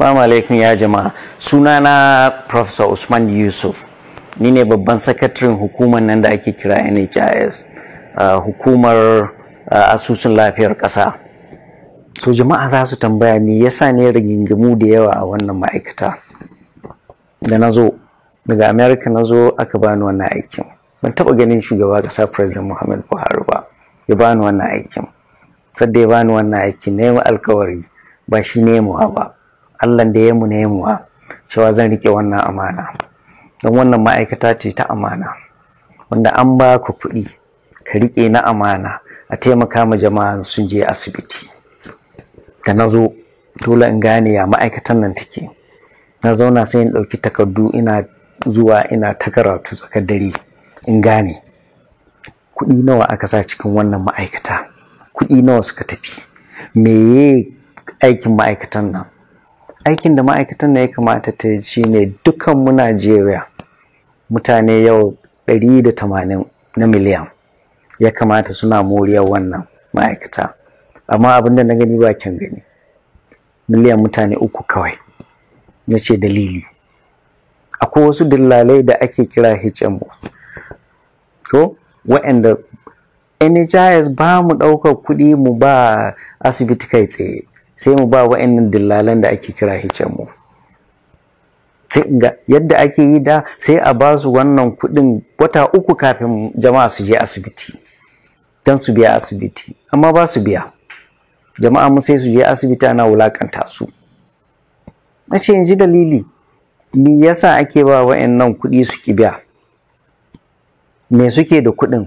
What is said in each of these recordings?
Assalamu alaikum ya jama'a. Sunana Professor Usman Yusuf. Ni ne babban sakataren hukumar nan da ake kira NHIS, uh, hukumar uh, asusun lafiyar ƙasa. So jama'a za su tambaya me yasa ne rigingimu da yawa a wannan ma'aikata. Da na zo, daga America na zo aka bani wannan aikin. Ban taɓa ganin shugaba ƙasa President Muhammad Buhari ba, ya bani wannan aikin. Sadda ya bani wannan aikin, na yi alkawari ba shi nemawa ba. Allah da ya mu ne muwa cewa zan rike wannan amana don wannan ma'aikata ce ta amana wanda an ba ku kuɗi ka rike na amana a taimaka ma jama'a sun je asibiti da na zo dole in gane ya ma'aikatan nan take na zauna sai in ɗauki takardu ina zuwa ina ta karatu tsakar dare in gane kuɗi nawa aka sa cikin wannan ma'aikata kuɗi nawa suka tafi meye aikin ma'aikatan nan aikin da ma'aikatan da ya kamata ta shi ne dukan mu najeriya mutane yau 180 na miliyan ya kamata suna moriyar wannan ma'aikata amma abin da na gani ba kyan gani miliyan mutane uku kawai na ce dalili akwai wasu dillalai da ake kira HMO to wa'anda NHIS ba mu ɗaukar kuɗi mu ba asibiti kai tsaye sai mu ba wa'annan dillalan da ake kira HMO yadda ake yi da sai a ba su wannan kuɗin wata uku kafin jama'a su je asibiti don su biya asibiti amma ba su biya jama'a mu sai su je asibiti ana wulakanta su na ce in ji dalili ni yasa ake ba wa'annan kuɗi su ki biya me suke da kuɗin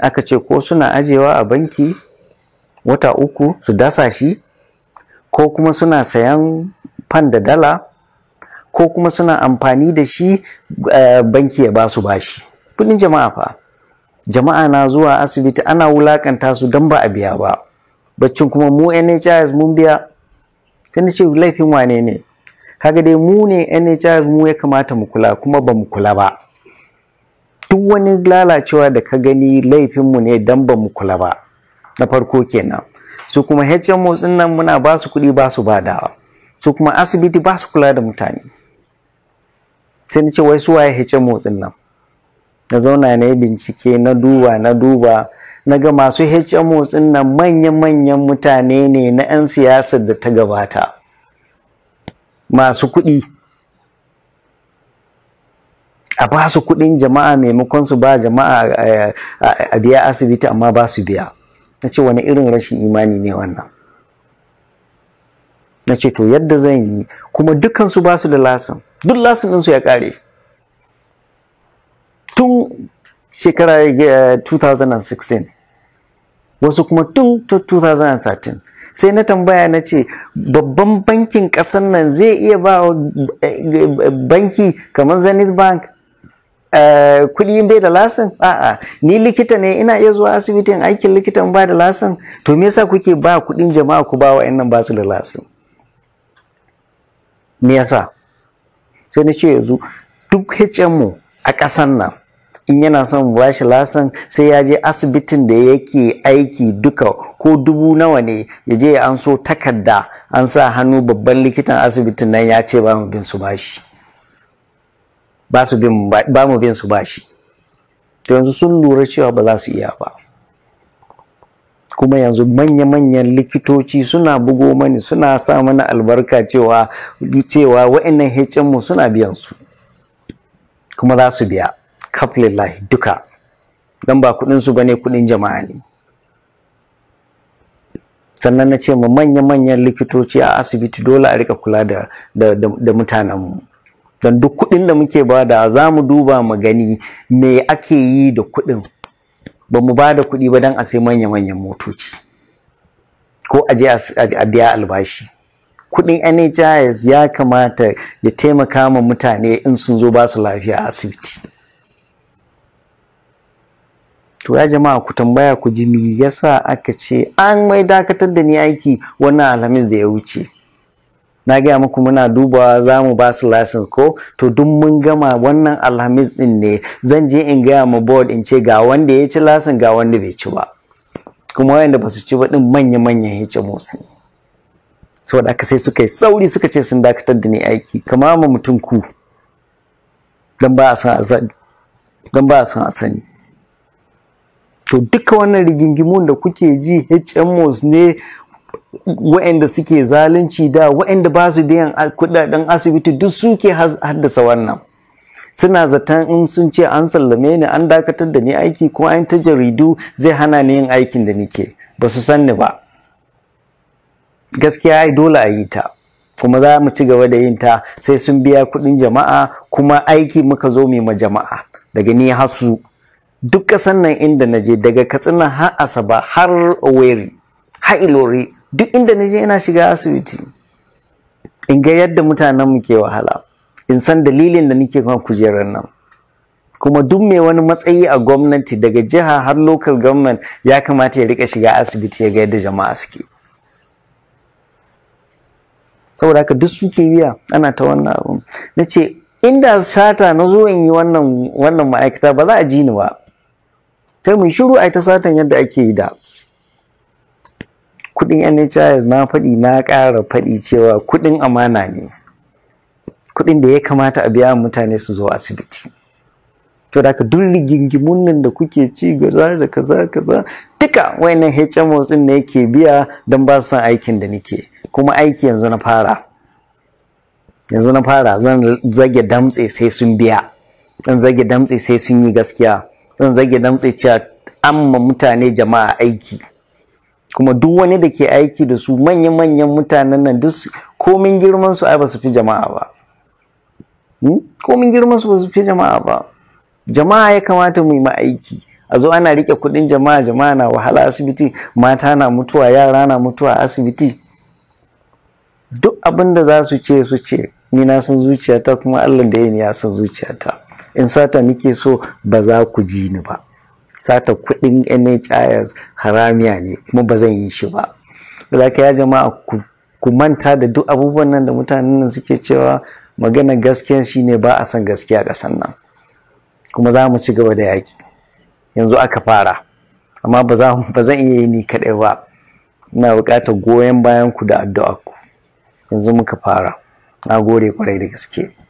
aka ce ko suna ajewa a banki wata uku su dasa shi ko kuma suna sayan fan da dala ko kuma suna amfani da shi eh, banki ya basu bashi kudin jama'a fa jama'a na zuwa asibiti ana wulakanta su don ba a biya ba baccin kuma mu nhis mun biya sai ce laifin wane ne kaga dai mu ne nhis mu ya kamata mu kula kuma ba mu kula ba duk wani lalacewa da ka gani laifinmu ne don ba mu kula ba na farko kenan su kuma HMOs din nan muna ba su kuɗi ba su badawa su kuma asibiti ba su kula da mutane sai na ce wai su waye HMOs din nan na zauna na yi bincike na duba na duba na ga masu HMOs din nan manya-manyan mutane ne na 'yan siyasar da ta gabata masu kuɗi a ba su kuɗin jama'a maimakon su ba jama'a eh, a biya asibiti amma ba su biya na ce wani irin rashin imani ne wannan na ce to yadda zan yi kuma dukansu ba su da lasin duk lasin ɗinsu ya ƙare tun shekara 2016 eh, wasu kuma tun 2013 sai na tambaya na ce babban bankin ƙasar nan zai iya ba eh, eh, banki kamar zenith bank Eh, kuɗi bai da lasin a'a ni likita ne ina iya zuwa asibitin aikin likitan ba da lasin to me yasa kuke ba kuɗin jama'a ku ba wa'annan ba su da lasin me yasa sai na ce yanzu duk mu a ƙasan nan in yana son ba shi lasan sai ya je asibitin da yake aiki duka ko dubu nawa ne ya je an so takarda an sa hannu babban likitan asibitin nan ya ce ba mu bin su bashi ba su bin ba mu bin su bashi to yanzu sun lura cewa ba za su iya ba kuma yanzu manya-manyan likitoci suna bugo mani suna sa mana albarka cewa cewa wa'annan mu suna biyan su kuma za su biya kaflillahi duka don ba kudin su bane kudin jama'a ne sannan na ce ma manya-manyan likitoci a asibiti dole a rika kula da mutanenmu don duk kuɗin da muke bada za mu duba mu gani me ake yi da kuɗin ba mu ba da kuɗi ba don a sai manya-manyan motoci ko a je a biya albashi kuɗin nhis ya kamata ya taimaka ma mutane in sun zo ba su lafiya a asibiti to ya jama'a ku tambaya ku ji me yasa aka ce an mai dakatar da ni aiki wannan alhamis da ya wuce na gaya muku muna dubawa za mu ba su ko to duk mun gama wannan alhamis din ne zan je in gaya ma board in ce ga wanda ya ci lasin ga wanda bai ci ba kuma wayanda ba su ci ba din manya-manyan HMOs ne saboda aka sai suka yi sauri suka ce sun dakatar da ni aiki kama ma mutum ku ba san don ba a san a sani to duka wannan rigingimun da kuke ji HMOs ne wa'anda suke zalunci da wa'anda ba su biyan kudaden asibiti duk suke haddasa wannan suna zaton in sun ce an sallame ni an dakatar da ni aiki ko an ta jaridu zai hana ni yin aikin da nike ba su san ba gaskiya ai dole a yi ta kuma za mu ci gaba da yin ta sai sun biya kuɗin jama'a kuma aiki muka zo mu ma jama'a daga ni hasu duk ƙasan nan inda na je daga katsina har asaba har oweri har ilori duk inda na je ina shiga asibiti in ga yadda mutanen mu ke wahala in san dalilin da nake kan kujerar nan kuma duk mai wani matsayi a gwamnati daga jiha har local government ya kamata ya rika shiga asibiti ya ga yadda jama'a suke saboda haka duk suke biya ana ta wannan abu na ce inda sata na zo in yi wannan ma'aikata ba za a ji ni ba Ta mu shiru ai ta satan yadda ake yi da kudin nhis na faɗi na ƙara faɗi cewa kudin amana ne kudin da ya kamata a biya mutane su zo asibiti to da duk rigingimun nan da kuke ci gaza da kaza kaza duka wayannan hmos din ne yake biya don ba su son aikin da nake kuma aiki yanzu na fara yanzu na fara zan zage damtse sai sun biya zan zage damtse sai sun yi gaskiya zan zage damtse cewa amma mutane jama'a aiki kuma duk wani da ke aiki da su manya-manyan mutanen nan duk komin girman su ai ba su fi jama'a ba hmm? komin girman su ba su fi jama'a ba jama'a ya kamata mu yi ma aiki a zo ana rike kudin jama'a jama'a na wahala asibiti mata na mutuwa yara na mutuwa asibiti duk abin da za su ce su ce ni na san zuciyata kuma allah da ya ya san zuciyata in sata nike so ba za ku ji ni ba sata kuɗin nhis haramiya ne kuma ba zan yi shi ba ka ya jama'a ku manta da duk abubuwan nan da mutanen nan suke cewa magana gaskiya ne ba a son gaskiya ƙasan nan kuma za mu ci gaba da yaƙi yanzu aka fara amma ba zan iya yi ni kaɗai ba ina buƙatar goyon bayan ku da addu'a ku yanzu muka fara na gode kwarai da gaske